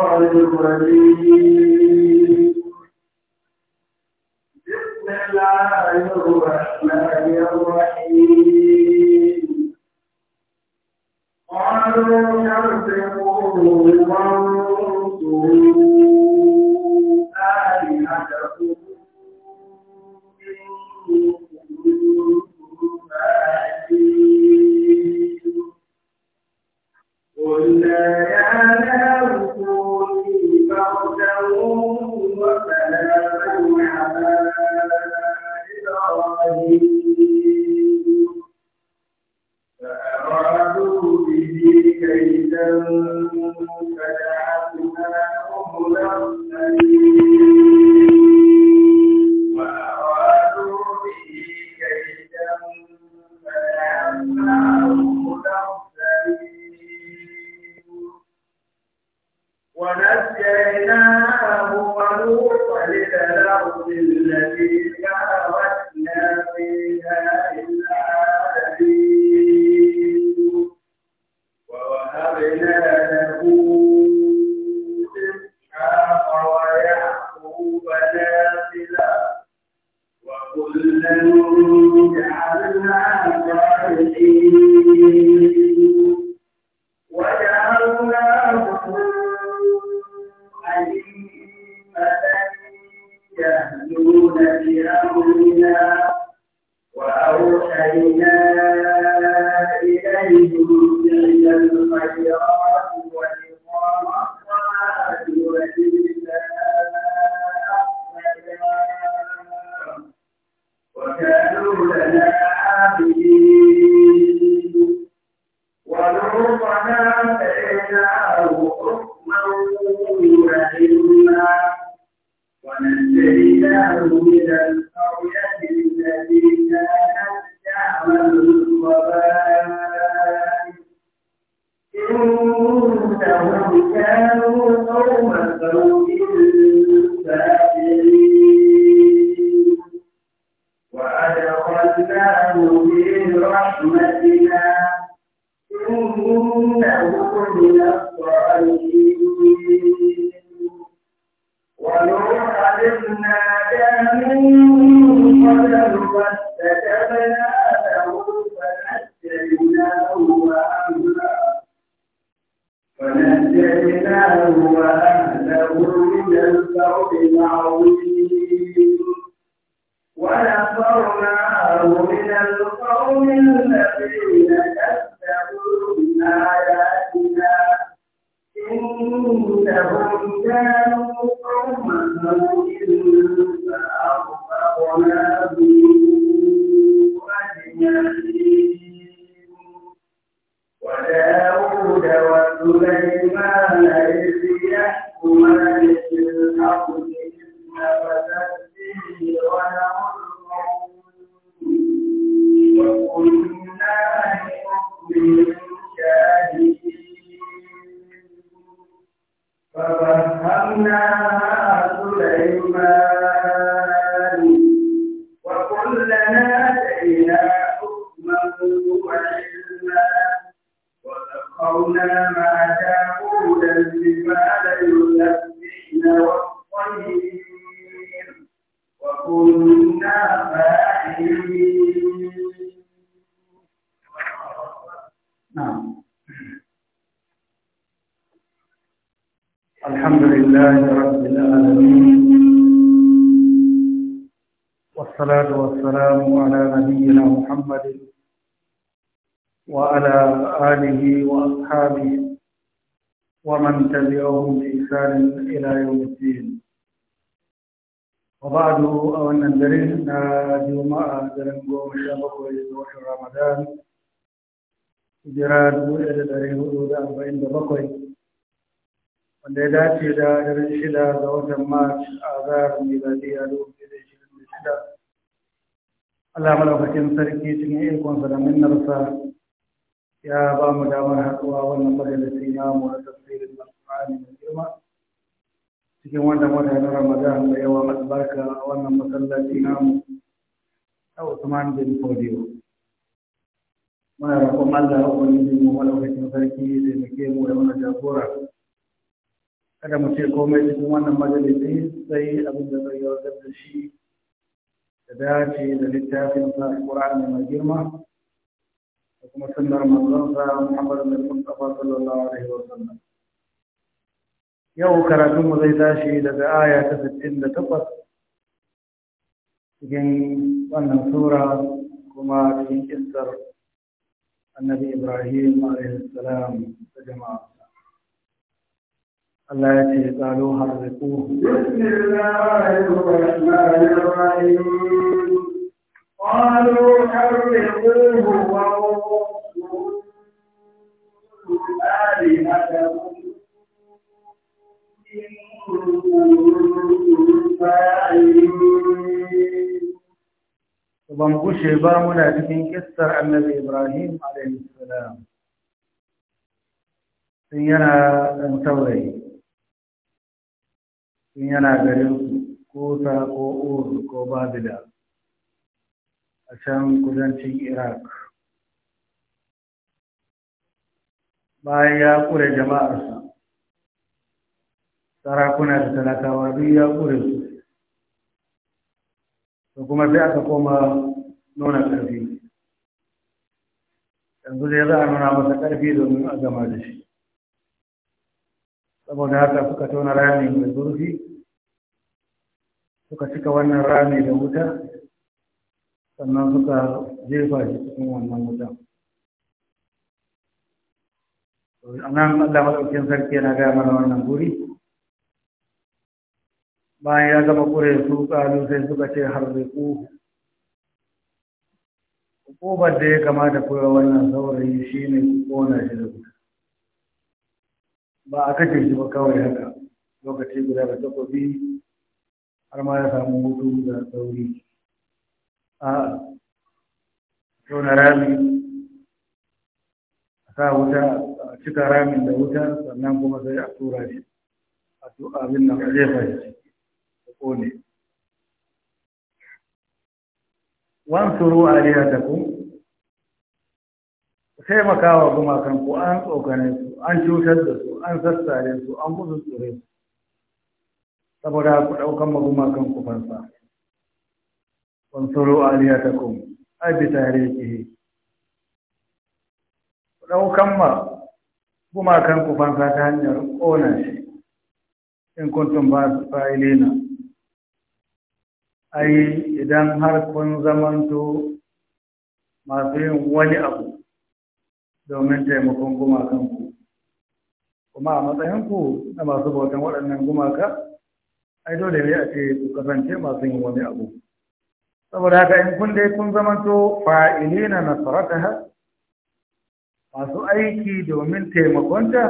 الرجيم كان إلى يوم الدين وبعد أو أن الدرين نادي وما أدرن قوم شابك ويزوح رمضان جراد ويجد دارين ودود أربعين دبقوي وندي داتي دا درن شدا دوزا مارس آذار ميلادي أدوك إذي شدن شدا اللهم لو فكين سركي تنين إيقون سلام من نرسا يا بام دامر حقوا أول نمبر التي نام ولا تفسير الله alƙur'ani da girma cikin wannan wata na ramadan da yawa albarka wannan masallaci namu a usman bin fodiyo muna roƙon allah ubangiji mu malaukakin sarki da muke mu da wani jagora kada mu ce komai cikin wannan majalisi sai abin da zai yawatar da shi da dace da littafin sa alƙur'ani mai girma da kuma sunnar manzon sa muhammadu bin mustafa sallallahu alaihi wa sallam yau karatunmu zai tashi daga aya ta 68 cikin wannan sura kuma cikin kistar annabi ibrahim alaihissalam da jama'a Allah ya ce tsalo har da ku. قالوا حرقوه وانصروا آلهتكم Ban gushe ba muna cikin kistar annabi Ibrahim a.s. Sun yana ɗan taurayi, sun yana garin kusa ko uru ko babila a can kudancin Iraq. Bayan ya ƙure jama'arsa, sarakuna da talakawa duk ya ƙure su da kuma sai aka koma nuna ƙarfi yanzu dai za a nuna masa ƙarfi domin a gama da shi saboda haka suka tona rami mai zurfi suka cika wannan rami da wuta sannan suka jefa shi cikin wannan wutan a nan Allah madaukin sarki yana gaya mana wannan guri bayan ya gama kure su ƙalu sai suka ce har zai ku ƙubar da ya kamata kura wannan saurayi shi ne ƙona shi da wuta ba a kace shi ba kawai haka lokaci guda da takobi har ma ya samu hutu da sauri a tona rami a sa wuta a cika ramin da wuta sannan kuma sai a tura shi a abin nan a jefa shi kone ta alihatakum sai makawa gumakan ku an tsokane su an cutar da su an sassare su an gudu tsore su saboda ku daukan magumakan ku fansa wansuru alihatakum ai bi tarihi ku ɗaukan ma gumakan ku fansa ta hanyar ƙona shi in kuntum ba fa'ilina ai idan har kun zamanto masu yin wani abu domin taimakon gumakanku kuma a matsayinku na masu bautan waɗannan gumaka ai dole ne a ce ku kasance masu yin wani abu saboda haka in kun dai kun zamanto fa'ili na nasarata masu aiki domin taimakonta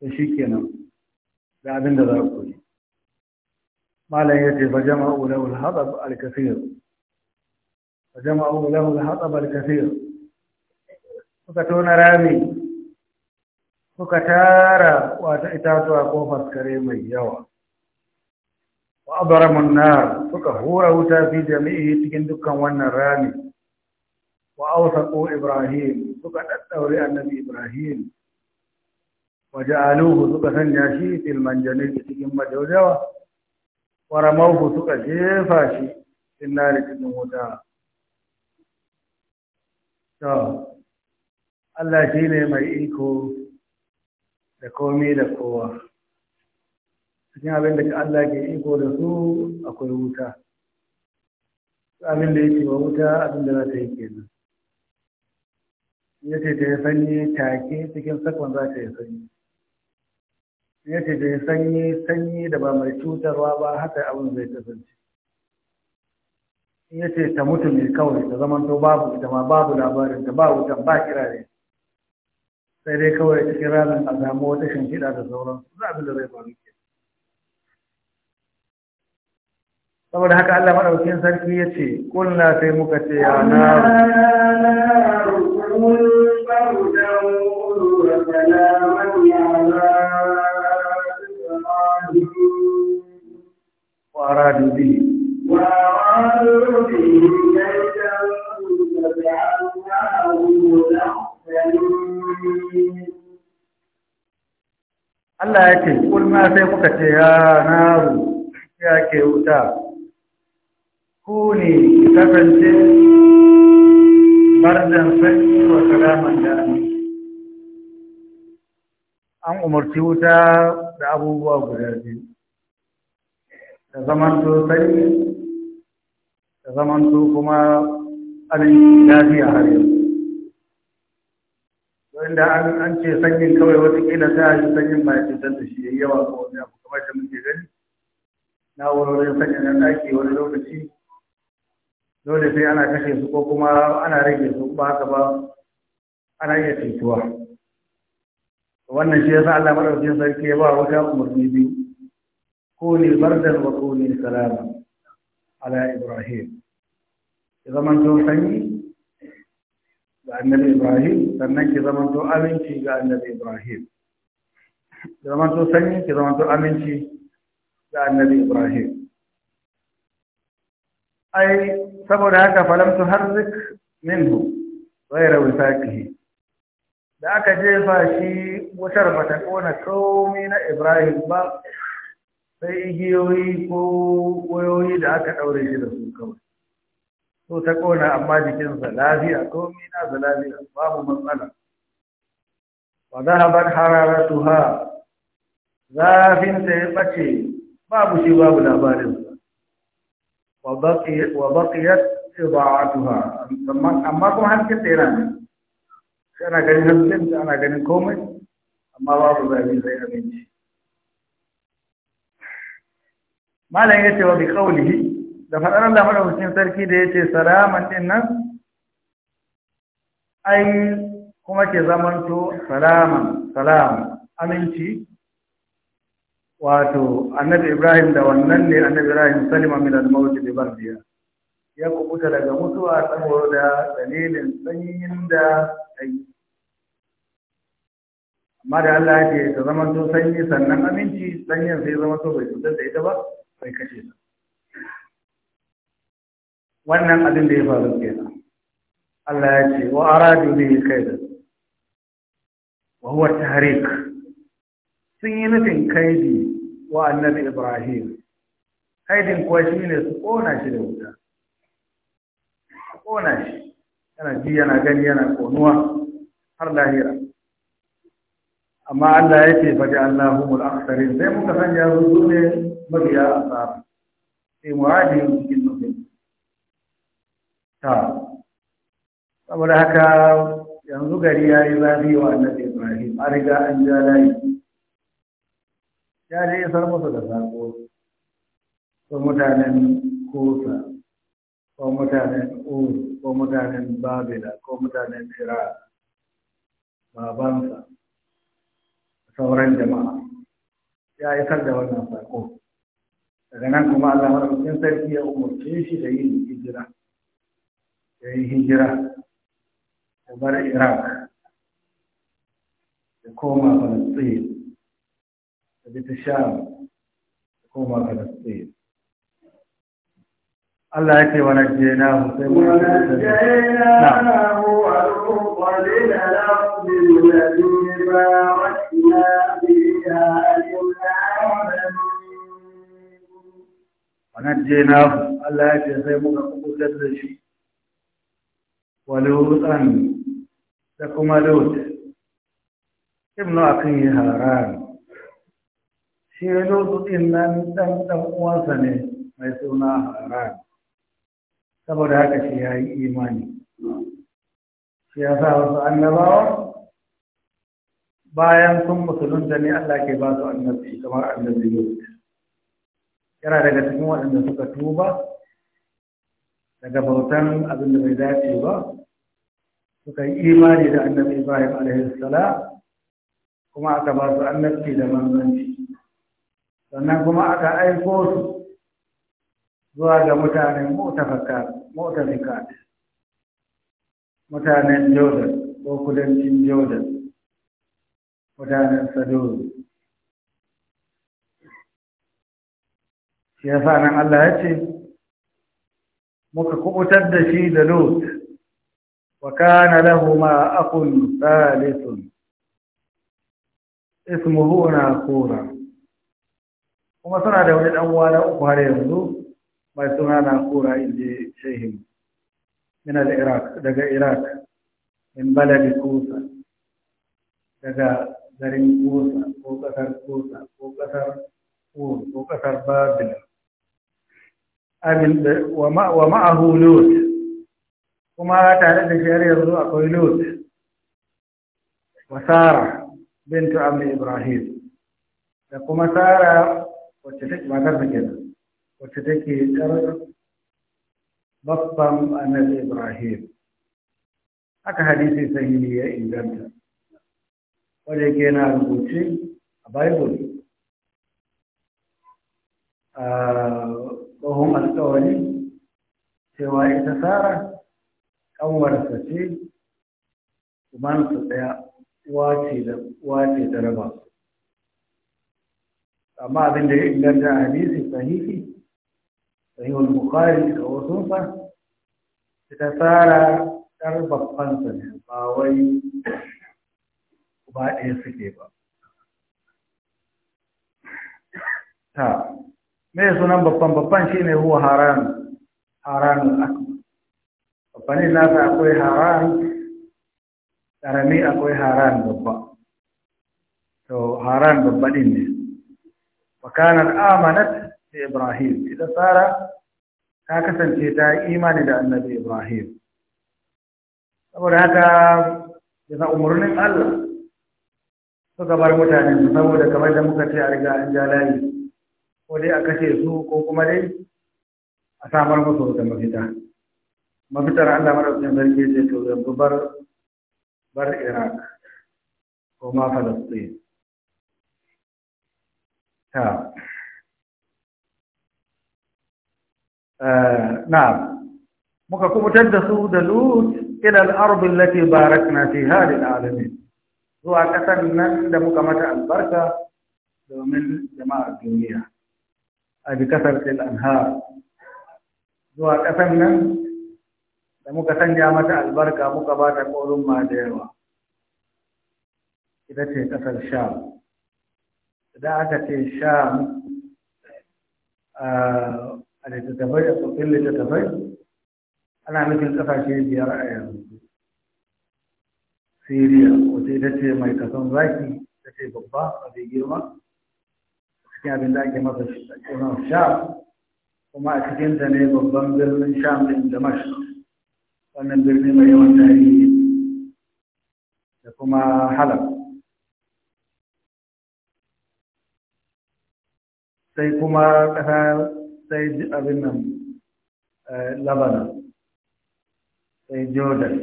da shi kenan ga abin da za ku yi ما لن يجي فجمعوا له الهضب الكثير فجمعوا له الهضب الكثير فكتون رامي فكتارا واتعتاتوا أقوف الكريم يوا وأبرم النار فكهورا وتا في جميعه تكندك وانا رامي وأوثقوا إبراهيم فكتتوري النبي إبراهيم وجعلوه ثقة سنجاشي في المنجنين تكما جوجوا waramauhu suka jefa shi cikin nari cikin wuta to Allah shi ne mai iko da komi da kowa cikin abin da Allah ke iko da su akwai wuta abin da yake wa wuta abin da za ta yi kenan ya ce ta yi sanyi take cikin sakon za ta yi sanyi ya ce dai sanyi sanyi da ba mai cutarwa ba haka abin zai kasance ya ce ta mutu ne kawai ta zaman to babu ita ma babu labarin ta ba wutan ba ne sai dai kawai cikin nan a samu wata shimfiɗa da sauran za abin da zai faru ke saboda haka Allah maɗaukin sarki ya ce kulla sai muka ce ya na rukunin saudan wuri wa salaman yara وأرادوا به Allah ya ce, "Kulma sai kuka ce, ya naru, ya ke wuta, ku ne kasance bardan sanyi wa salaman da an umarci wuta da abubuwa guda biyu. da zaman to da zaman to kuma abin lafiya har yanzu da an ce sanyin kawai sai ta yi sanyin ba ta cutar da shi ya yi yawa ko wani abu kamar da muke gani na wurin sanyin na ake wani lokaci dole sai ana kashe su ko kuma ana rage su ba haka ba ana iya cutuwa wannan shi yasa Allah madaukakin sarki ya ba wuta umarni biyu كوني بردا وكوني سلاما على إبراهيم إذا من توحي النبي إبراهيم سنك إذا من تو امنتي شيء النبي إبراهيم إذا من تو فني إذا من تو امنتي شيء النبي إبراهيم أي سبب هذا فلم تحرك منه غير وفاقه da aka jefa shi wutar bata kona komai na Ibrahim ba sai igiyoyi ko wayoyi da aka ɗaure shi da su kawai so ta ƙona amma jikinsa lafiya komi da lafiya babu matsala wa zahabar hararatuha zafinta ya ɓace babu shi babu labarin. wa baƙiyar iba'atuha amma kuma hankinta yana ne Sai ana ganin hankinta ana ganin komai amma babu zafi sai abinci malam yace wa bi qawlihi da faɗar Allah madaukakin sarki da yace salaman ɗin nan ai kuma ke zamanto salaman salam aminci wato annabi Ibrahim da wannan ne annabi Ibrahim salima min al-maut bi bardiya ya kubuta daga mutuwa saboda dalilin sanyin da ai amma da Allah ya ce ta zamanto sanyi sannan aminci sanyin sai zamanto bai cutar da ita ba sai kashe ta wannan abin da ya faru kenan Allah ya ce wa aradu kai kaida wa huwa tahrik sun yi nufin kaidi wa annabi Ibrahim kaidin kuwa shi ne su kona shi da wuta Su kona shi yana ji yana gani yana konuwa har lahira amma Allah ya ce fa ja'alnahumul aktharin sai muka sanya su ne mabiya ashabi sai mu muhajiri cikin nufin ta saboda haka yanzu gari ya yi zafi wa annabi ibrahim a riga an ja layi ya je isar musu da sako ko mutanen kusa ko mutanen ur ko mutanen babila ko mutanen shira babansa sauran jama'a ya isar da wannan sako daga nan kuma Allah madaukakin sarki ya umarce shi da yin hijira ya yi hijira ya bar iraq ya koma falastin ya bi ta sham ya koma falastin Allah ya ce wani je na sai mu na ونجيناه الله يجزي مكبوتا لشي ولوطا لكم لوط ابن أخيه هاران shi lutsu ɗin nan ɗan ɗan uwansa ne mai suna haran saboda haka shi ya yi imani shi ya sa wasu annabawa bayan sun musulunta ne Allah ke ba su annabi kamar annabi Lut yana daga cikin waɗanda suka tuba daga bautan abin da bai dace ba suka yi imani da annabi ibrahim alaihissala kuma aka ba su annabci da manzanci sannan kuma aka aiko su zuwa ga mutanen mutafikat mutanen jordan ko kudancin jordan mutanen sadoro shi yasa nan Allah ya ce muka kubutar da shi da Lut wa kana lahu ma aqul thalithun ismuhu kura. kuma suna da wani dan uwa na uku har yanzu mai suna Nakura inji shehin min da iraq daga Iraq min baladi Kusa daga garin Kusa ko kasar Kusa ko kasar Ur ko kasar Babylon wa ma'ahu lot kuma tare da shi har yanzu akwai lot wa sara bintu amni ibrahim da kuma sara wacce take matar da kenan wacce take yar babban annabi ibrahim haka hadisi sahihi ya inganta wanda yake yana rubuce a bible ah, tsohon alkawari cewa ita tsara ƙanwarsa ce umarsa ɗaya wace da raba amma abin da ya inganta hadisi sahihi sahihul bukhari da sa, ita tsara ɗar baffansa ne ba wai ba ɗaya suke ba ta me sunan babban babban shine huwa haram haram akbar babban nasa akwai haram karami akwai haram babba to haram babba din ne wa amanat da ibrahim ita sara ta kasance ta imani da annabi ibrahim saboda haka da umarnin Allah suka bar mutane saboda kamar da muka ce a riga an ja layi ko dai a kashe su ko kuma dai a samar musu da mafita mafitar Allah madaukakin sarki ce to yanzu bar bar Iraq ko ma Falastin ta eh, na muka kubutar da su da Lut ila al-ardh allati barakna fiha lil alamin zuwa kasan nan da muka mata albarka domin jama'ar duniya a bi kasar anhar zuwa ƙasar nan da muka sanya mata albarka muka ba ta ƙorin ma da yawa ita ce ƙasar sha idan aka ce sha a littattafai a tsoffin littattafai ana nufin ƙasashe biyar a yanzu siriya wata ita ce mai kason zaki ita ce babba a girma cikin abin da ake masa sunan sham kuma a cikin ta ne babban birnin sham din damash wannan birni mai yawan tarihi da kuma halab sai kuma ƙasa sai abin nan eh, labanan sai jordan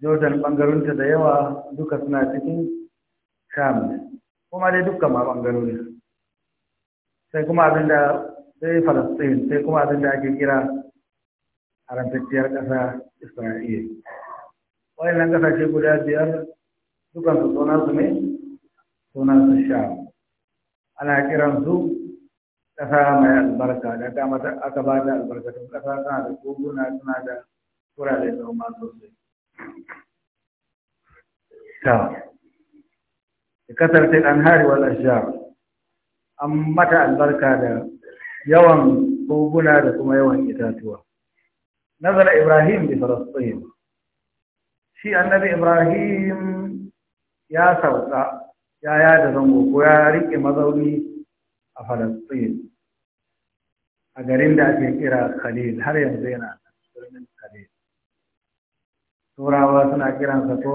jordan ɓangarunta da yawa duka suna cikin sham ne kuma dai dukkan ma bangarori sai kuma abin da sai falastin sai kuma abin da ake kira haramtacciyar ƙasa isra'ila wayannan ƙasashe guda biyar dukkan su sunan su ne sunan su sha ana kiran su ƙasa mai albarka da dama aka ba da albarkatun ƙasa tana da koguna tana da wurare da sosai. kasar ta ɗan hari wal ashjar an mata albarka da yawan koguna da kuma yawan itatuwa nazar ibrahim bi falastin shi annabi ibrahim ya sauka ya yada zango ko ya rike mazauni a falastin a garin da ake kira khalil har yanzu yana birnin khalil turawa suna kiransa ko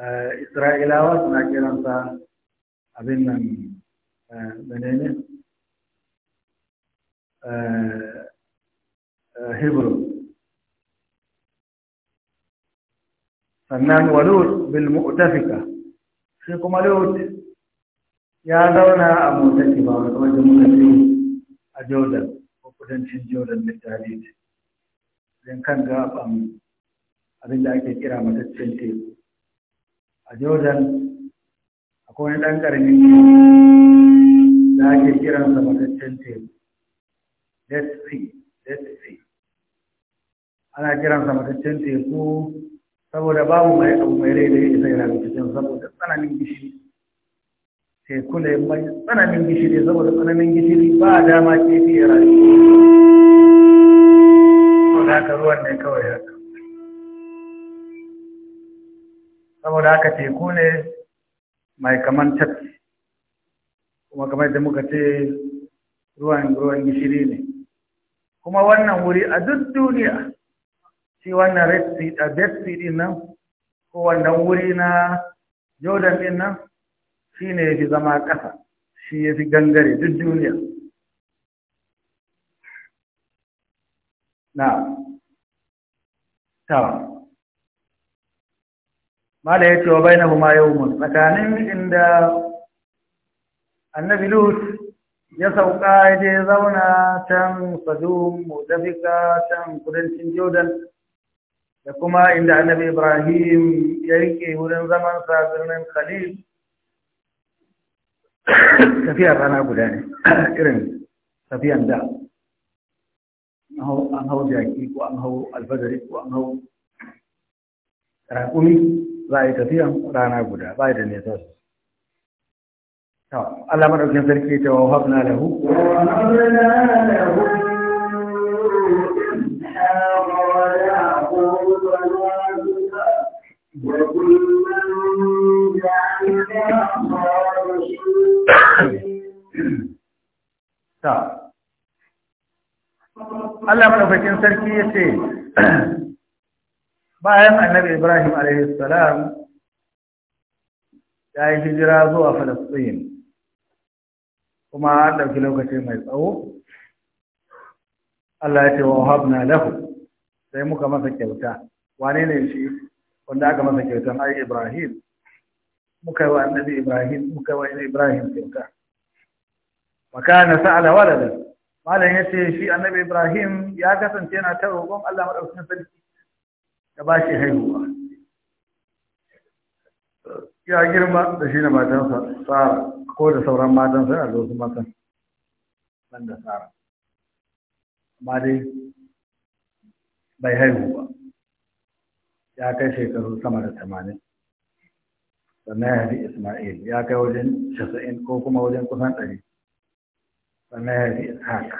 Eh, isra'ilawa suna kiransa abin nan eh, menene eh, hebrew sannan walut bil mu'tafika shi kuma lut ya zauna a motaki ba wata wajen mutane a jordan ko kudancin jordan da tarihi don kan gaɓan abin da ake kira mataccen teku a jordan akwai wani ɗan ƙaramin da ake kiran mataccen teku let's see let's see ana kiran mataccen teku saboda babu mai abu mai rai da ya isa yana cikin saboda tsananin gishiri teku ne mai tsananin gishiri saboda tsananin gishiri ba dama kifi ya rayu ko da ruwan ne kawai haka saboda haka teku ne mai kaman tafi kuma kamar da muka ce ruwan ruwan gishiri ne kuma wannan wuri a duk duniya shi wannan red sea a din nan ko wannan wuri na jordan din nan shi ne ya fi zama ƙasa shi ya fi gangare duk duniya na ta mala ya ce wa bai na huma yau mun tsakanin inda annabi lut ya sauka ya je zauna can sadum mutafika can kudancin jordan da kuma inda annabi ibrahim ya rike wurin zaman sa birnin khalil tafiyar rana guda ne irin tafiyan da an hau jaki ko an hau alfadari ko an hau rakumi za a yi tafiyan rana guda ba da nesa su Allah maɗaukin sarki ta wa hafna lahu Allah maɗaukakin sarki ya ce bayan annabi ibrahim alayhi salam ya yi hijira zuwa falastin kuma an dauki lokaci mai tsawo Allah ya ce wa habna lahu sai muka masa kyauta wane ne shi wanda aka masa kyautan ai ibrahim muka yi wa annabi ibrahim muka yi wa ibrahim kyauta makana sa'ala walada malam yace shi annabi ibrahim ya kasance yana ta roƙon Allah madaukakin sarki ta ba shi haihuwa ya girma da shi da matansa tsara ko da sauran matansa a zo su matan nan da tsara amma dai bai haihuwa ya kai shekaru sama da tamanin sannan ya Ismail ya kai wajen casa'in ko kuma wajen kusan ɗari sannan ya haifi Ishaq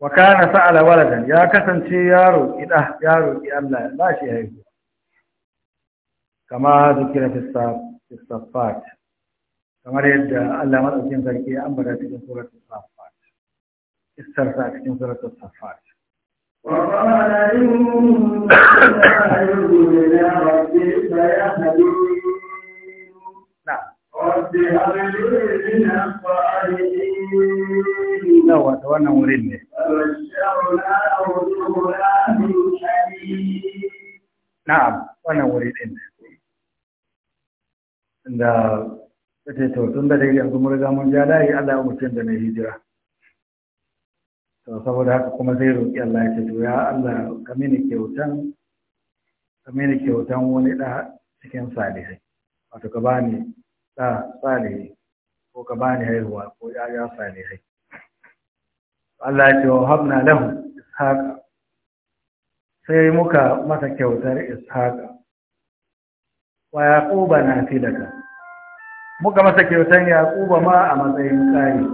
وكان سأل ولدا يا كسنتي يارو إده يارو إلا لا شيء هيك كما ذكر في الصفات كما رد الله مرأة في ذلكي أمرا في سورة الصفات استرسى في سورة الصفات وقال نعم. لهم لا يرد إلى ربي فيحدي نعم ربي هب لي من أقوالي لا وأتوانا مريني Na'am, wannan wuri ɗin da ta ce to tun da dai yanzu mun riga mun ja layi Allah ya mutum da na hijira. To saboda haka kuma zai roƙi Allah ya ce to ya Allah ka mini kyautan ka kyautan wani ɗa cikin salihai. Wato ka bani ɗa salihai ko ka bani haihuwa ko ya salihai. Allah ya ce wa habna lahu ishaqa sai muka masa kyautar ishaqa wa yaquba nafilatan muka masa kyautar yaquba ma a matsayin tsari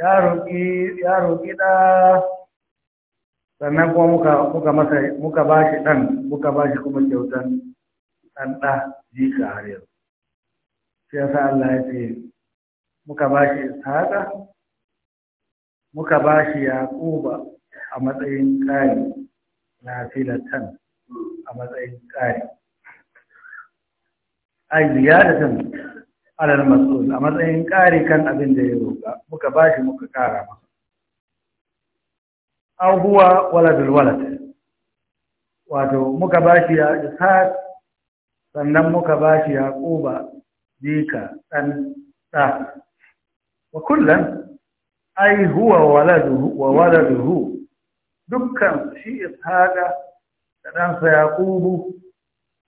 ya roƙi ya roki da sannan kuma muka muka masa muka bashi dan muka bashi kuma kyautar dan da jika har yau sai yasa Allah ya ce muka bashi ishaqa muka ba shi yaƙuba a matsayin ƙari na filatan a matsayin ƙari ai ziyaratan alal mas'ul a matsayin ƙari kan abin da ya roƙa muka ba shi muka ƙara masa aw huwa waladul walad wato muka ba shi ya ishaq sannan muka ba shi ya ƙuba dika ɗan ɗa wa kullum أي هو ولده وولده دكان شيء هذا كان سيقوم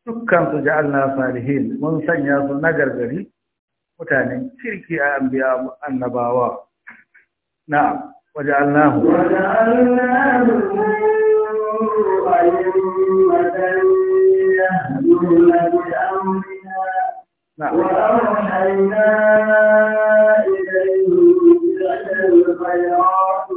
دكان تجعلنا صالحين من سنة نجر بري وتاني شركة أنبياء النباوة نعم وجعلناه وجعلناه أئمة يهدون بأمرنا نعم. وأوحينا الخيرات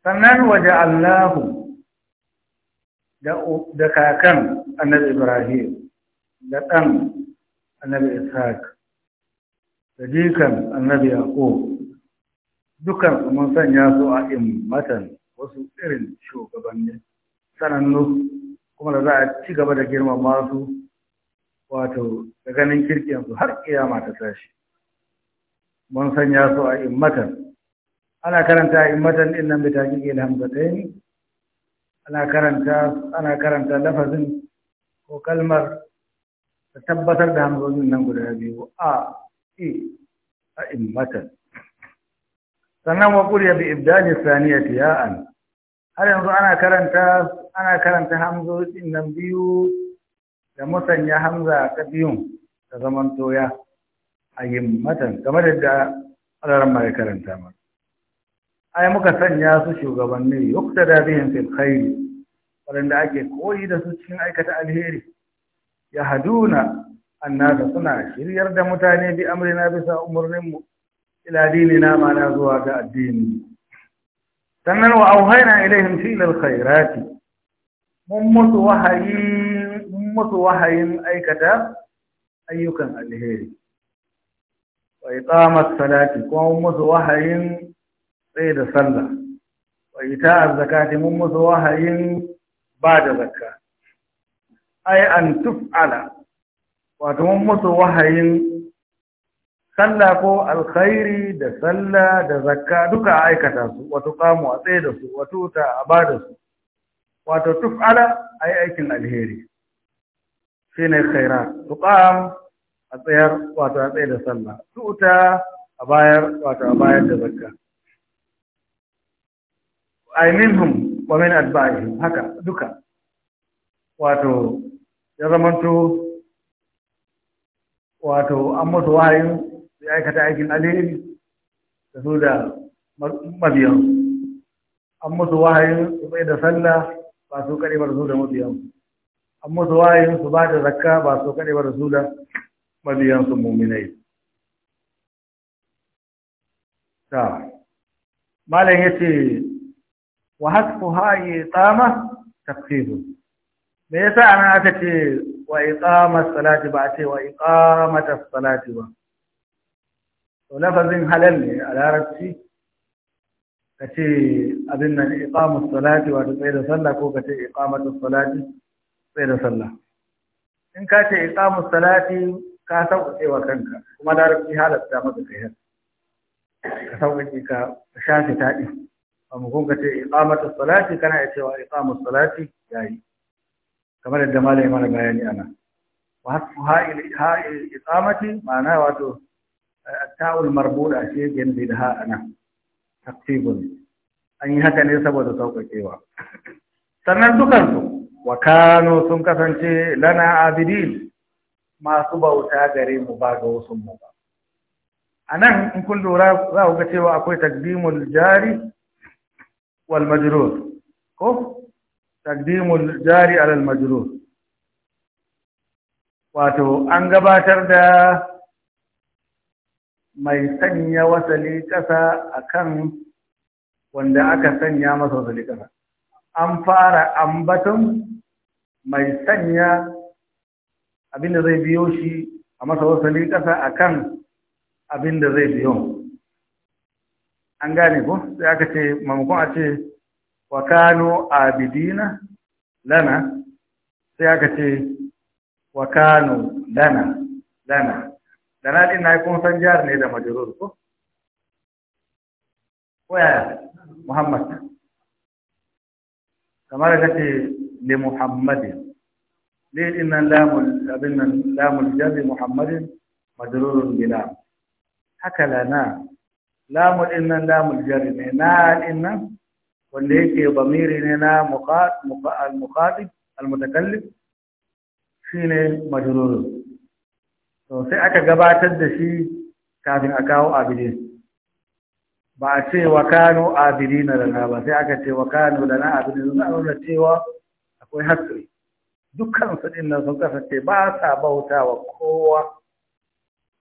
sannan waje Allahu da kakan annabi Ibrahim da ɗan annabi Ishaq da jikan annabi Yaqub dukan mun sanya su a immatan wasu irin shugabanni sanannu kuma da za a ci gaba da girmama su wato da ganin kirkiyansu har kiyama ta tashi mun sanya su a immatan ana karanta a immatan din nan bi taqiqil hamzatayn ana karanta ana karanta lafazin ko kalmar ta tabbatar da hamzozin nan guda biyu a i a immatan sannan wa qul ya bi ibdani saniyati ya'an har yanzu ana karanta ana karanta hamzocin nan biyu da musanya hamza ta biyun ta zaman toya a yin matan game da da alaran ya karanta ma ai muka sanya su shugabanni yukta da bihin fil khairi waɗanda ake koyi da su cikin aikata alheri ya haduna annasa suna shiryar da mutane bi amrina bisa umarninmu ila dinina ma na zuwa ga addini sannan wa auhaina ilaihim fil khairati mun mutu wahayi mun musu wahayin aikata ayyukan alheri wa iqamat salati kuma mun musu wahayin tsaye da sallah wa ita'az zakati mun musu wahayin ba da zakka ai an tuf'ala wato mun musu wahayin sallah ko alkhairi da sallah da zakka duka a aikata su wato kamu a tsaye da su wato ta a ba da su wato tuf'ala a yi aikin alheri shi ne khaira tuqam a tsayar wato a tsaye da sallah tuta a bayar wato a bayar da zakka ay minhum wa min atba'ihim haka duka wato ya zamanto wato an musu wayin su aikata aikin alheri da su da mabiyan an musu wahayin su bai da sallah ba su kaɗe ba da su da mabiyan an musu wahayin su ba da zakka ba su kaɗe ba da su da mabiyan su muminai ta malam ya ce wa hasfu hayi tsama takfiru me yasa ana aka ce wa iqamat salati ba a ce wa iqamatas salati ba to lafazin halal ne a larabci ka ce abin nan iqamus salati wato tsaye da sallah ko ka ce iqamatus salati tsaye da sallah in ka ce iqamus salati ka sauƙaƙe wa kanka kuma larabci ta maka kai ka sauƙaƙe ka shafi taɗi amma kun ka ce iqamatus salati kana iya cewa iqamus salati yayi kamar yadda malai mana bayani ana wa hasfu ha'il ha'il iqamati ma'ana wato tawul marbuda ce gen bidha ana taktibun an yi haka ne saboda sauƙaƙewa sannan dukansu wa kano sun kasance lana abidin masu bauta gare mu ba ga wasu mu ba a nan in kun lura za cewa akwai takdimul jari wal majrur ko takdimul jari alal majrur wato an gabatar da mai sanya wasali ƙasa akan wanda aka sanya masa wasali ƙasa an fara ambaton mai sanya abinda zai biyo shi a masa wasali ƙasa akan abinda zai biyo an gane ko sai aka ce mamakon a ce wa kano abidina lana sai aka ce wa kano lana lana da na din na kun san jar ne da majrur ko waya muhammad kamar ka ce li muhammadin li inna lamul abin nan lamul jami muhammadin majrurun bi lam haka lana lamul inna lamul jari ne na inna wanda yake bamiri ne na muqat muqal muqatib al mutakallim shine majrurun to sai aka gabatar da shi kafin a kawo abidin ba a ce wa kano abidin na lana ba sai aka ce wa kano abirin abidin a nuna cewa akwai hatsari. dukkan su din nan sun kasance ba sa bauta wa kowa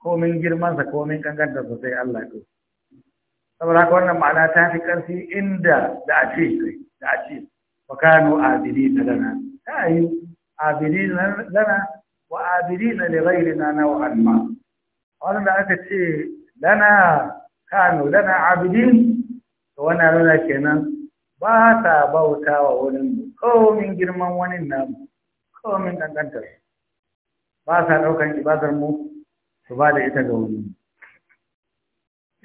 komin girmansa komin kankanta sosai Allah ko saboda haka wannan ma'ana ta fi ƙarfi inda da a ce da a ce wa kano abirin na lana ta yi na lana wa abidina li ghayrina naw'an ma wanda aka ce lana kanu lana abidin to wannan nuna kenan ba ta bauta wa wani komin girman wani namu komin kankantar ba sa daukan ibadar mu su ba da ita ga wani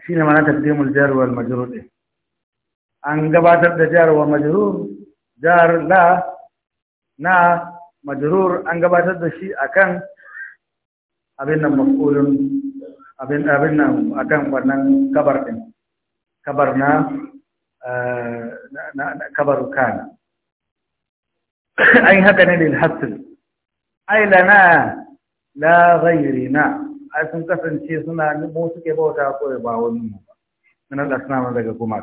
shine ma'ana taqdimul jar wal majrur an gabatar da jar wa majrur jar la na majrur an gabatar da shi akan abin nan maf'ulun abin abin nan akan wannan kabar din kabar eh, na na kabar kana ai haka ne lil hasl ai lana la ghayrina ai sun kasance suna mu suke bauta ko ba wani mu ba nan da suna daga ka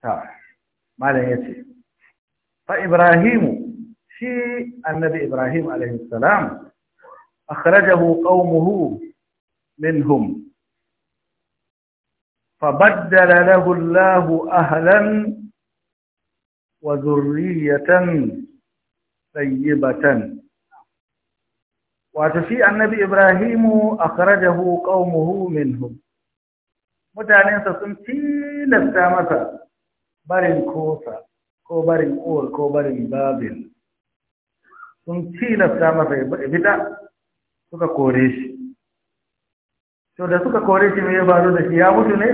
ta malam yace fa ibrahimu shi annabi Ibrahim alaihi salam akhrajahu qaumuhu minhum fabaddala lahu Allah ahlan wa zurriyatan tayyibatan wato shi annabi Ibrahimu akhrajahu qaumuhu minhum mutanensa sun tilasta masa barin kosa ko barin ur ko barin babil sun tilasta masa ya fita suka kore shi to da suka kore shi mai ya faru da shi ya mutu ne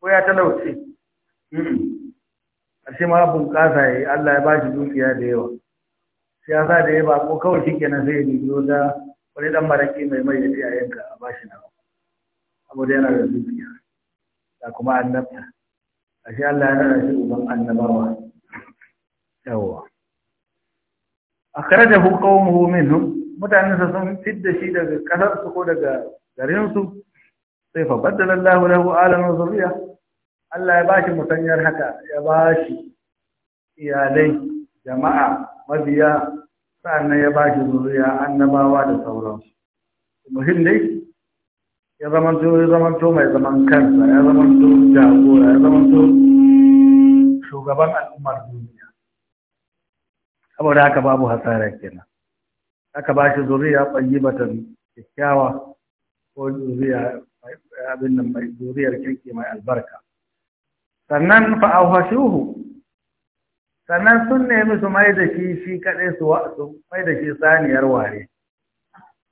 ko ya talauce ƙarshe hmm. ma bunƙasa ya yi Allah ya bashi shi dukiya da yawa siyasa da ya ba ko kawai shi kenan zai biyo da wani dan maraƙi mai mai da iyayenka a ba shi na yana da dukiya da kuma annabta ashe Allah ya nana shi uban annabawa yawwa akhrajahu qaumuhu minhu mutanen sa sun fidda shi daga kasar su ko daga garin su sai fa baddala Allahu lahu alamin zuriya Allah ya bashi musanyar haka ya bashi iyalai jama'a mabiya sa'annan ya bashi zuriya annabawa da sauransu muhim dai ya zamanto ya mai zaman kansa ya zamanto jagora ya zamanto shugaban al'ummar duniya saboda haka babu hasara kenan aka ba shi zuriya ta kyakkyawa ko zuriya abin nan mai zuriyar kirki mai albarka sannan fa shuhu. sannan sun nemi su mai da shi shi kadai su mai da shi saniyar ware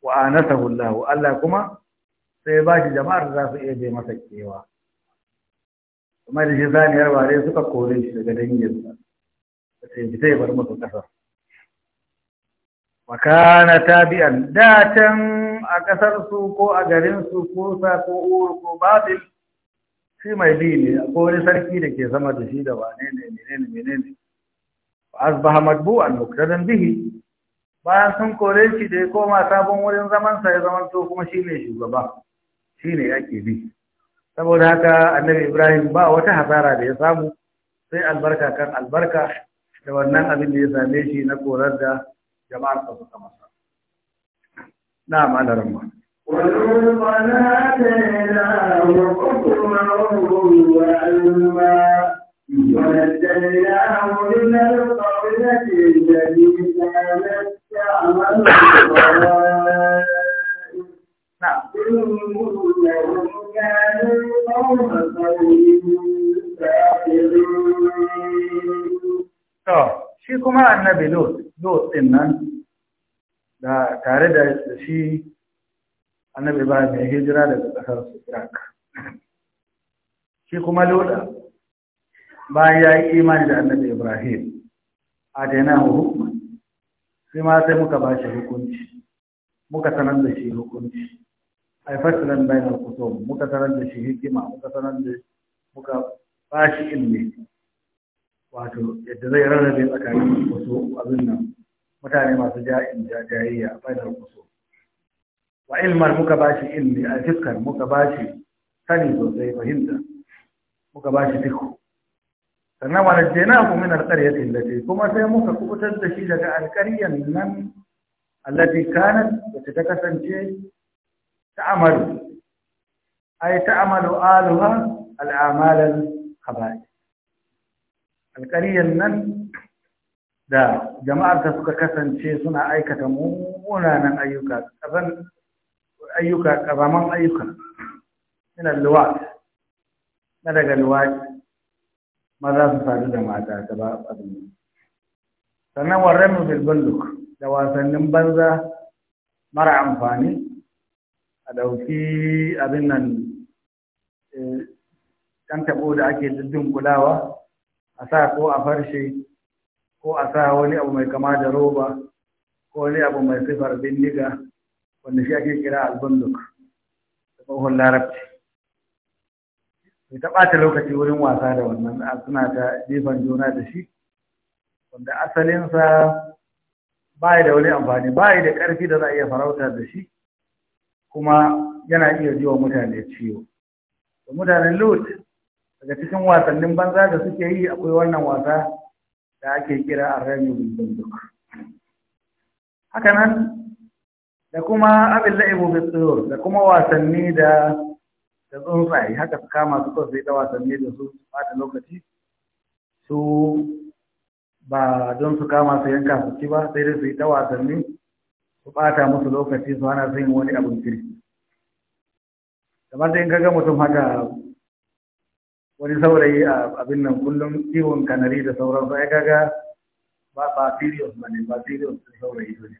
wa anasahu Allah Allah kuma sai ba shi jama'ar za su iya je masa kewa mai da shi saniyar ware suka kore shi daga danginsa sai fita ya bar musu kasar wakana tabi'an datan a ƙasar su ko a garin su ko sa ko uwar ko babil shi mai bi ne ko wani sarki da ke sama da shi da wane ne menene menene asbaha madbu'an muktadan bihi bayan sun kore shi da ya koma sabon wurin zaman sa ya zama to kuma shi ne shugaba Shi shine ke bi saboda haka annabi Ibrahim ba wata hasara da ya samu sai albarka kan albarka da wannan abin da ya same shi na korar da نعم على رمضان masa na ma'anar ma من القبلة التي كانت تعمل نعم إنهم كانوا قوم سوء shi kuma annabi Lot, Lot لوط da tare da shi annabi ibrahim ya hijira daga ƙasar iraq shi kuma loda bayan ya yi imani da annabi ibrahim a daina hukuma sai ma sai muka ba shi hukunci muka sanar da shi hukunci a yi fasilan bayan kusur muka sanar da shi hikima muka sanar da muka ba shi ilmi wato yadda zai rarrabe tsakanin wasu abin nan mutane masu ja'in jayayya a fainar kuso wa ilmar muka ba shi ilmi a fiskar muka ba shi sani sosai fahimta muka ba shi fiku sannan wa najjayna hu min alqaryati allati kuma sai muka kubutar da shi daga alqaryan nan allati kanat da ta kasance ta ai ta ta'amalu aluha al'amal al-khaba'ith alqaryan nan da jama'ar ta suka kasance suna aikata munanan ayyuka kaban ayyuka kabaman ayyuka ina luwat na daga luwat maza su sadu da mata ta ba abin sannan warren bil bunduk da wasannin banza mara amfani a ɗauki abin nan eh, ɗan taɓo da ake duddun kulawa a sa ko a farshe ko a sa wani abu mai kama da roba ko wani abu mai sifar bindiga wanda shi ake kira albunduk da tsohon larabci taɓa ta ɓata lokaci wurin wasa da wannan suna ta jifan juna da shi wanda asalinsa ba da wani amfani ba da ƙarfi da za a iya farauta da shi kuma yana iya ji wa mutane ciwo da mutanen lut daga cikin wasannin banza da suke yi akwai wannan wasa da ake kira a rami bunduk haka nan da kuma abin la'ibu bil tsur da kuma wasanni da da tsuntsaye haka su kama su kwasai da wasanni da su bata lokaci su ba don su kama su yanka su ci ba sai dai su yi ta wasanni su bata musu lokaci su hana su yin wani abin kirki kamar da in kaga mutum haka wani saurayi a abin nan kullum kiwon kanari da sauransu ai kaga ba ba serious ba ne ba serious da saurayi ba ne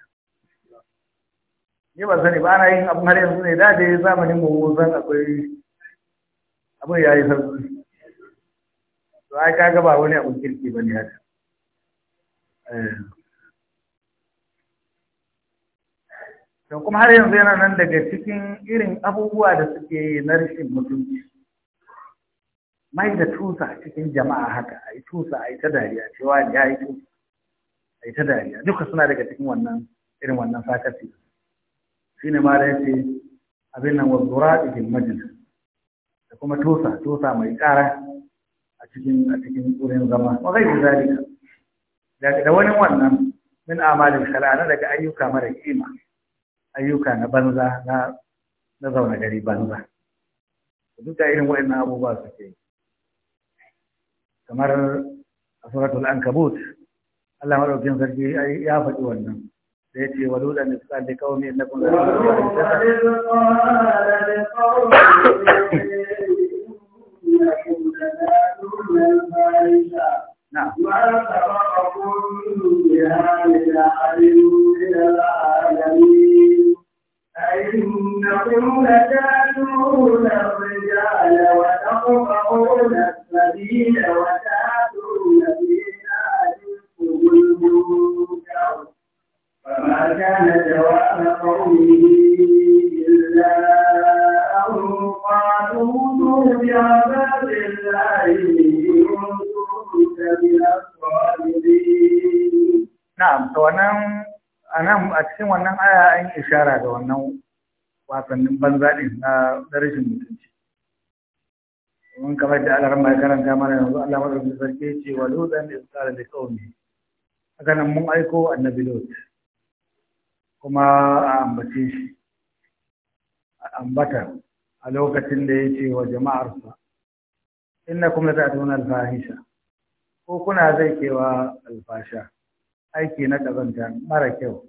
ni ba sani ba ana yin abin har yanzu ne da dai zamanin mu zan akwai abin ya yi sauki to ai kaga ba wani abin kirki ba ne haka eh. to kuma har yanzu yana nan daga cikin irin abubuwa da suke na rashin mutunci mai da tusa a cikin jama'a haka a yi tusa a yi ta dariya cewa ya yi tusa a yi ta dariya duka suna daga cikin wannan irin wannan sakaci shi ne ma da ya ce abin nan wazura ikin majalis da kuma tusa tusa mai kara a cikin a cikin wurin zama wa zai yi zalika da wani wannan min amalin shari'a daga ayyuka mara kima ayyuka na banza na na zaune gari banza Duka irin wa'annan abubuwa suke yi kamar a suratul ankabut Allah madaukakin sarki ya faɗi wannan da yace wa ludan da suka da kawai na kun zama da وإنكم a wannan aya an yi ishara da wannan wasannin banza na darajin mutunci in kamar da alaƙar mai karanta mana yanzu Allah madaukakin sarki ce wa lutan isqala da kaumi haka nan mun aiko annabi lut kuma a ambace shi a ambata a lokacin da ya ce wa jama'arsa kuma ta al alfahisha ko kuna zai kewa alfasha aiki na kazanta mara kyau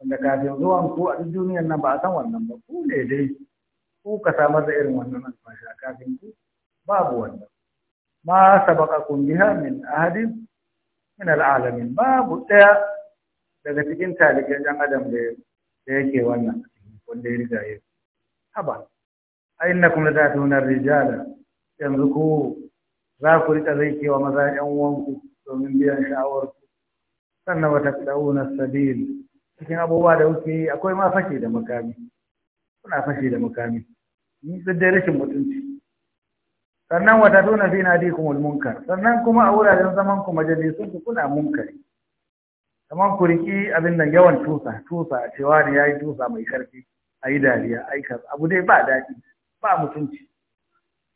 wanda kafin zuwan ku a duniyar nan ba a san wannan ba ku ne dai ku ka samar da irin wannan alfasha kafin ku babu wannan ma kun biha min ahadin min al'alamin babu ɗaya daga cikin talibai ɗan adam da yake wannan wanda ya riga ya haba a innakum latatuna rijala yanzu ku za ku rika zaikewa maza ƴan uwanku domin biyan ku. sannan wata ɗauna sabil cikin abubuwa da kuke yi akwai ma fashe da makami kuna fashe da makami ni duk dai rashin mutunci sannan wata tuna fi na dikun munkar sannan kuma a wuraren zaman ku majalisun ku kuna munkari kamar ku riki abin nan yawan tusa tusa a cewa ne yayi tusa mai karfi yi dariya aika abu dai ba daɗi ba mutunci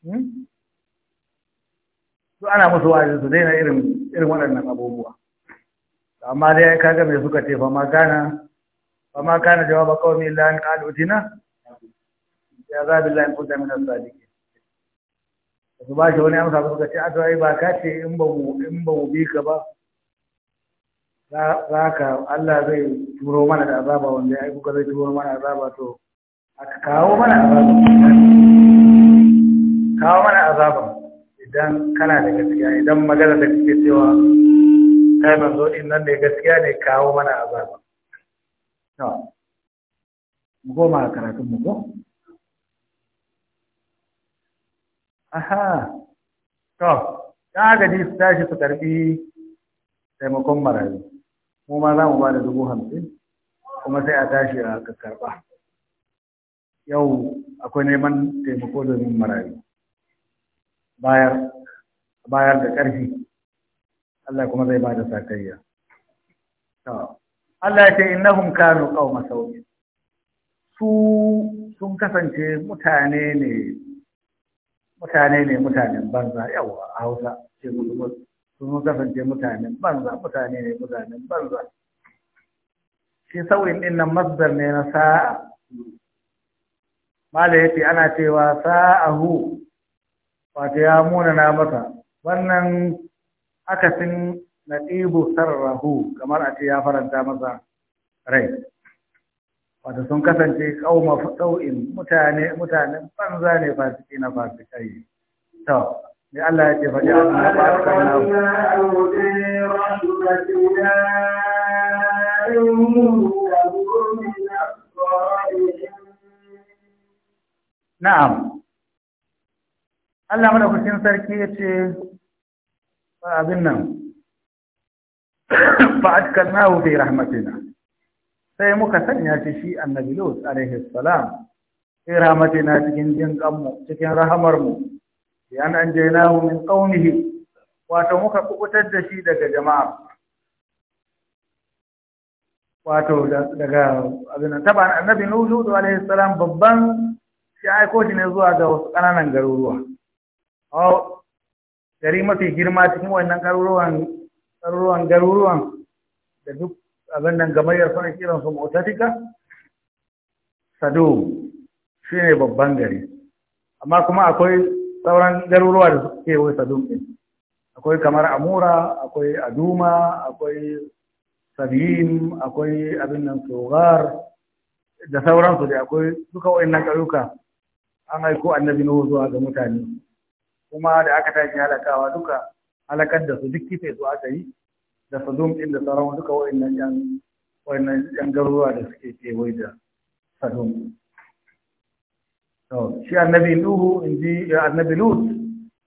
su hmm? ana musu wajen su daina irin irin waɗannan abubuwa amma dai kaga me suka ce fa ma gana ba ma gana jawaba kawai mai an ƙalutina tina ya zabillahi kunta min as su ba shi wani amsa suka ce to ai ba ka ce in ba mu in ba mu bi ka ba za ka Allah zai turo mana da azaba wanda ai kuka zai turo mana azaba to aka kawo mana azaba kawo mana azaba idan kana da gaskiya idan magana da kake cewa kai manzo din nan ne gaskiya ne kawo mana azaba to goma karatun mu ko aha to ta gaji su tashi su karbi taimakon marayu mu ma za mu ba da dubu hamsin kuma sai a tashi a karba yau akwai neman taimako domin marayu bayar bayar da ƙarfi Allah kuma zai ba da sakayya Allah ya ce innahum kanu qauma sauyi su sun kasance mutane ne mutane ne mutanen banza yawa a hausa ce sun kasance mutanen banza mutane ne mutanen banza shi sauyin din nan masdar ne na sa'a mala yace ana cewa sa'ahu wato ya munana masa wannan akasin na ɗibu sarrahu kamar a ce ya faranta masa rai wata sun kasance kauma sau'in mutane mutanen banza ne fasiki na fasikai to ne Allah ya ce faɗi a suna ba su kan Na'am, Allah mana madaukakin sarki ya ce abin nan, fa'ad kan nahu fi rahmatina. sai muka sanya shi shi annabi Lut alaihi salam fi na cikin jin kanmu cikin rahamar mu bi an anjaynahu min qaumihi wato muka kubutar da shi daga jama'a wato daga abin taban annabi Lut alaihi salam babban shi aiko shi ne zuwa ga wasu ƙananan garuruwa gari mafi girma cikin wannan garuruwan garuruwan garuruwan da duk abin nan gamayyar suna kiransu mu'tatika sadum shi ne babban gari amma kuma akwai sauran garuruwa da suke wai sadum ɗin akwai kamar amura akwai aduma akwai sabim akwai abin nan sogar da sauransu da akwai duka wa'annan ƙauyuka an aiko annabi nuhu zuwa ga mutane kuma da aka tashi halakawa duka halakar da su duk kife su aka yi da Sadum ɗin da sauran duka wa'annan yan wa'annan garuruwa da suke kewaye da Sadum. To shi annabi Nuhu in ji eh, annabi Lut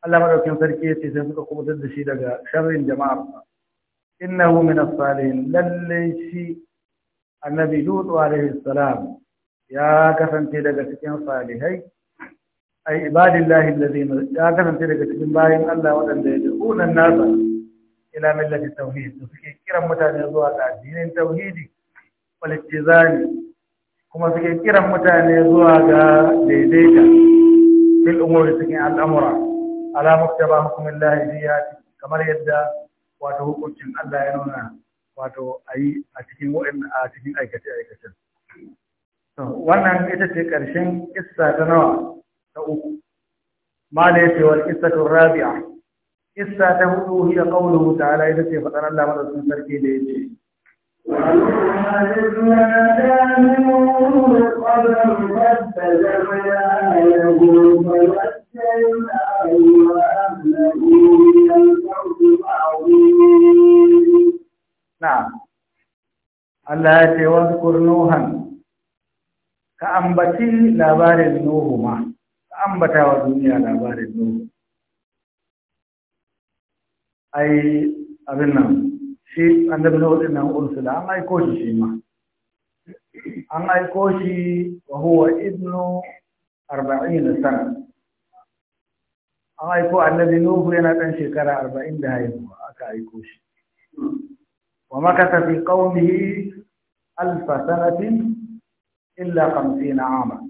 Allah madaukin sarki ya ce sai suka kubutar da shi daga sharrin jama'ar innahu min as-salihin lalle shi annabi Lut alaihi salam ya kasance daga cikin salihai ay ibadillahi allazina ya kasance daga cikin bayin Allah waɗanda ya da'una nasa ila millati tauhid suke kiran mutane zuwa ga addinin tauhidi wal ittizani kuma suke kiran mutane zuwa ga daidaita bil umuri cikin al'amura ala muktaba hukumin lahiriya kamar yadda wato hukuncin Allah ya nuna wato ayi a cikin wa'in a cikin aikace aikacen wannan ita ce ƙarshen kissa ta nawa ta uku ma da yace wal qissatu rabi'a kissa ta hudu hiya qawluhu ta'ala ita ce faɗan Allah sun sarki da ya yace Na'am. Allah ya ce wasu kurnuhan ka ambaci labarin Nuhu ma, ka ambata wa duniya labarin Nuhu. ai abin nan shi da na wadin nan ursula an aiko shi shi ma an aiko shi wa huwa ibnu arba'in sana an aiko annabi nuhu yana dan shekara arba'in da haihuwa aka aiko shi wa makata fi qaumihi alfa sanatin illa 50 ama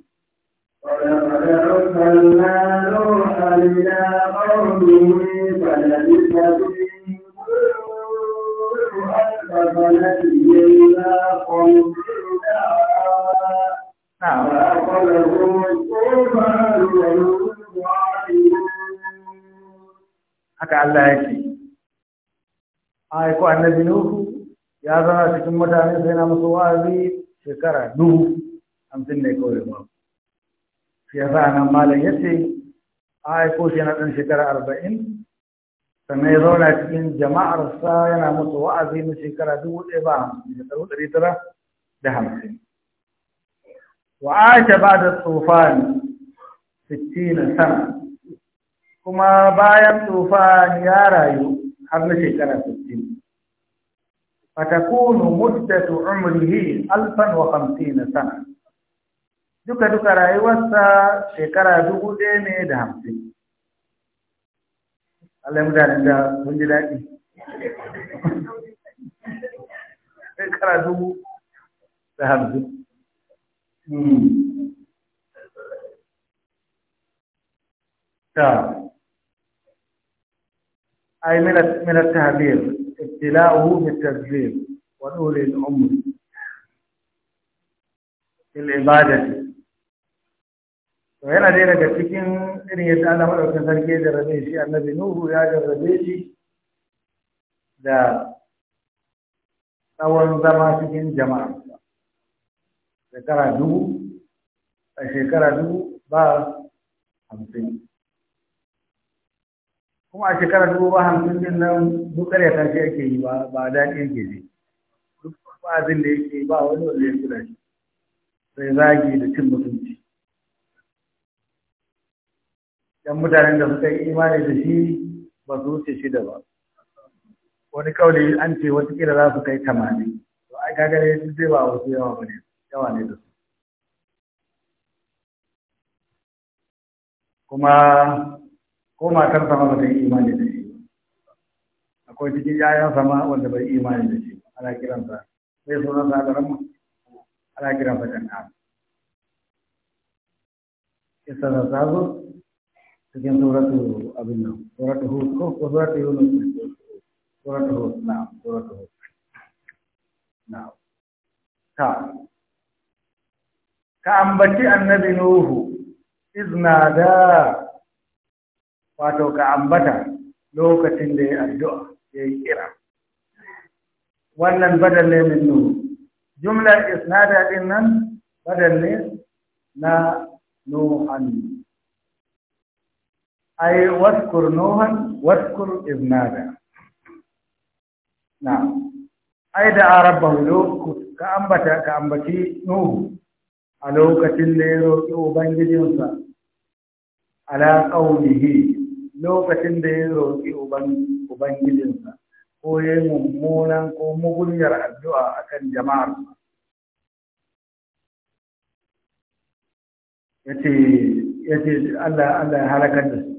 ولقد أرسلنا نوحا إلى قومه فلبث فيهم ألف سنة haka Allah yake aiko annabi nuhu ya zama cikin mutane sai na musu wa'azi shekara duhu hamsin ne kawai ba ya sa nan malam ya ce a haifo shi na ɗan shekara arba'in sannan ya zauna cikin jama'arsa yana musu wa'azi na shekara dubu ɗaya ba hamsin da ɗari ɗari tara da hamsin wa aisha ba da tsofani sittina sana kuma bayan tsofani ya rayu har na shekara sittin fatakunu muddatu umrihi alfan wa hamsin sana duka duka rayuwarsa shekara dubu ɗaya ne da hamsin Allah mutanen da sun ji daɗi shekara dubu da hamsin hmm. ta ai min at-tahbir ibtila'uhu bit-tadbir wa ulil umr fil ibadati yana dai daga cikin irin yadda ana madaukakin sarki ya jarrabe shi annabi Nuhu ya jarrabe shi da tsawon zama cikin jama'a shekara dubu a shekara dubu ba hamsin kuma a shekara dubu ba hamsin din nan duk ya shi ake yi ba ba daɗi ke ji duk ba'azin da yake ba wani wanda ya kula shi sai zagi da cin mutu. yan mutanen da suka yi imani da shi ba su wuce da ba wani kawai an ce wata kira za su kai tamanin to ai kaga ne zai ba wasu yawa ba ne yawa ne da su kuma ko matar sama ba ta yi imani da shi akwai cikin yayan sama wanda bai imani da shi ana kiransa sai sunan sa da ramu ana kiransa kan am kisa da sazo cikin abin ka ambaci annabi nuhu iznada wato ka ambata lokacin da ya addu'a ya yi kira wannan badal ne min nuhu jumlar isnada din nan badal ne na nuhan ai waskur nuhan waskur ibnada na ai da arabban lokut ka ka ambaci nuhu a lokacin da ya roƙi ubangijinsa ala qaumihi lokacin da ya roƙi ubangijinsa ko ya mummunan ko mugunyar addu'a akan jama'ar ya ce Allah ya halakar da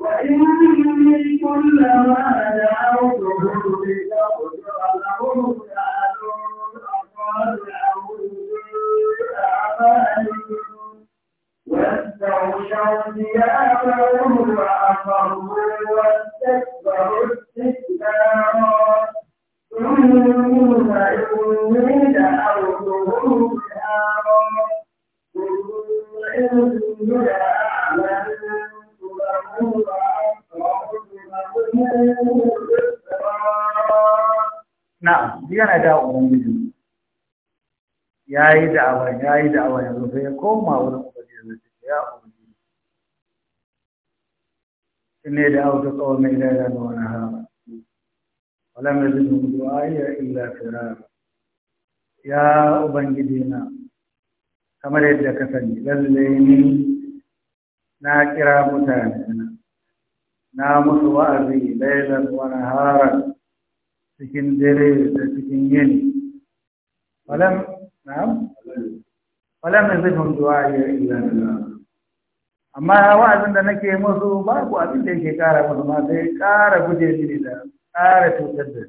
وإني كلما دعوتهم yi da'awa ya yi da'awa yanzu sai ya koma wurin ubangiji ya ubangiji ne da auta tsawon mai daga da wani hama wala mai zubin du'ayya illa firara ya ubangiji na kamar yadda ka sani lallai ni na kira mutane na na musu wa'azi lailan wani haran cikin dare da cikin yini walam na'am wala mai zai fahimta wa amma wa'azin da nake musu babu abin da yake kara musu ma sai kara guje ne da kara cutar da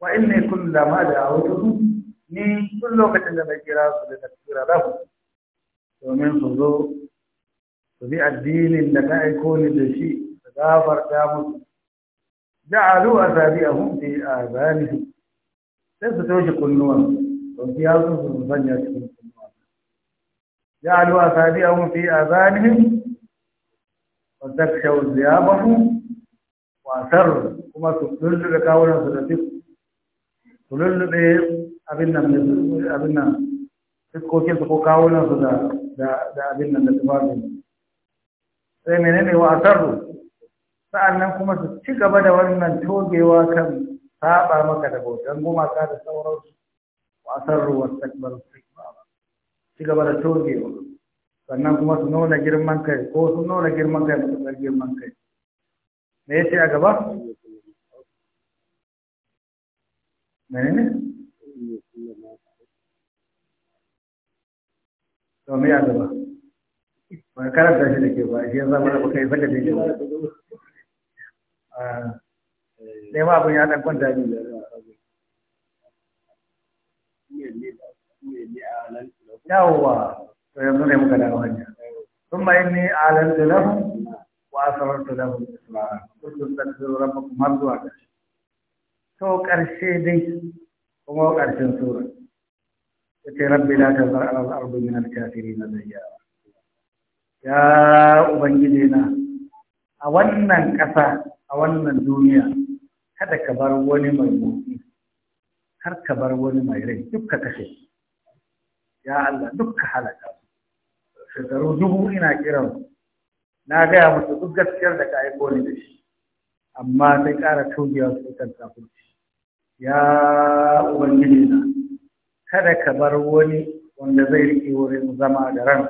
wa inni kullama da'awtuhum ni tun lokacin da na kira su da tafsira lahu domin su zo su bi addinin da ka aiko ni da shi da gafarta musu ja'alu asabi'ahum fi azanihim sai su toshe kunnuwansu ɗauki yatsun su sanya cikin kunnuwa ya alu a sadi an fi a zanihim wa zakshau ziyabahu wasar kuma su lullube kawunan su da duk su lullube abin nan abin nan fiskokin su ko kawunan su da abin nan da tufafin sai menene wasar sa'annan kuma su ci gaba da wannan togewa kan saba maka da bautan gumaka da sauransu asarru wastakbaru istikbara ci gaba da togewa sannan kuma su nuna girman kai ko su nuna girman kai matuƙar girman kai me yace a gaba menene to me a gaba ba karanta shi da ke ba shi baka yi saka ba ne ma ya dan kwanta ne yawwa to yanzu ne muka dawo hanya ثم إني أعلنت wa وأسررت لهم إسرارا قلت استغفروا ربكم har zuwa ƙarshe. to ƙarshe dai kuma ƙarshen sura yace rabbi la tazar ala al-ardi min al-kafirin dayyawa ya ubangiji na a wannan ƙasa a wannan duniya kada ka bar wani mai motsi har ka bar wani mai rai duk ka kashe ya Allah duk ka halaka shekaru dubu ina kiran na gaya musu duk gaskiyar da ka aiko ni da shi amma sai ƙara tobiya su kan kafirci ya ubangiji na kada ka bar wani wanda zai riƙe wurin zama da ran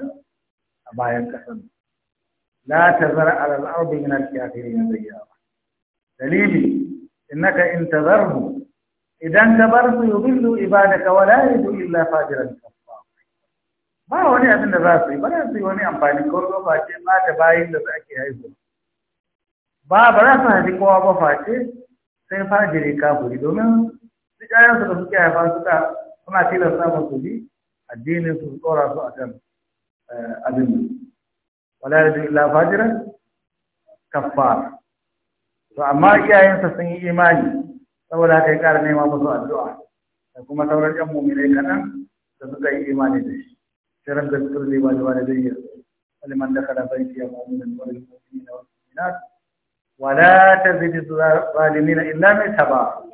a bayan ƙasar لا tazar على الأرض من الكافرين al دليلي إنك dalili innaka in tazarhu idan ka bar su yubillu ibadaka wala yajidu illa fajiran ba wani abin da za su yi ba za su yi wani amfani ko ba face ma da bayin da za ke haihu ba ba za su haifi kowa ba face sai fajiri kafuri domin su ƴaƴan su da suke haifa suka suna tilasta musu bi addinin su tsora su akan eh, abin wala yajidu illa fajiran kaffar to amma iyayensa sun yi imani saboda haka ya ƙara nema musu addu'a da kuma sauran ƴan mu'minai kaɗan da suka yi imani da shi sai rabbi zikr li wa wa ladayya liman dakhala baiti ya mu'minan wa lil mu'minina wal mu'minat wa la tazid zalimina illa ma taba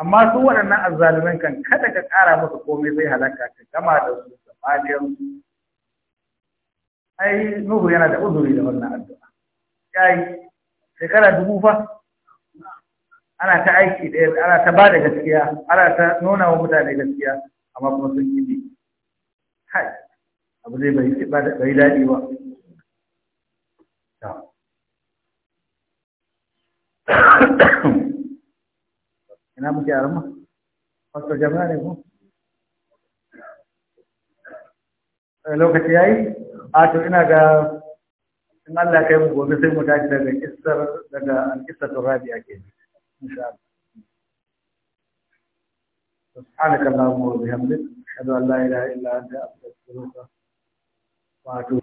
amma su waɗannan azzalumin kan kada ka ƙara musu komai sai halaka ka gama da su gabaɗayan su ai nuhu yana da uzuri da wannan addu'a yayi shekara dubu fa ana ta aiki ɗaya ana ta ba da gaskiya ana ta nuna wa mutane gaskiya amma kuma sun yi bi hai abu zai bai ba da bai daɗi ba ina muke a rama wasu jama'a ne ko eh, lokaci yi? a to ina ga in Allah kai mu gobe sai mu tashi daga kissar daga al-qissatu rabi'a yi. إن شاء الله سبحانك اللهم وبحمدك أشهد أن لا إله إلا أنت أستغفرك وأتوب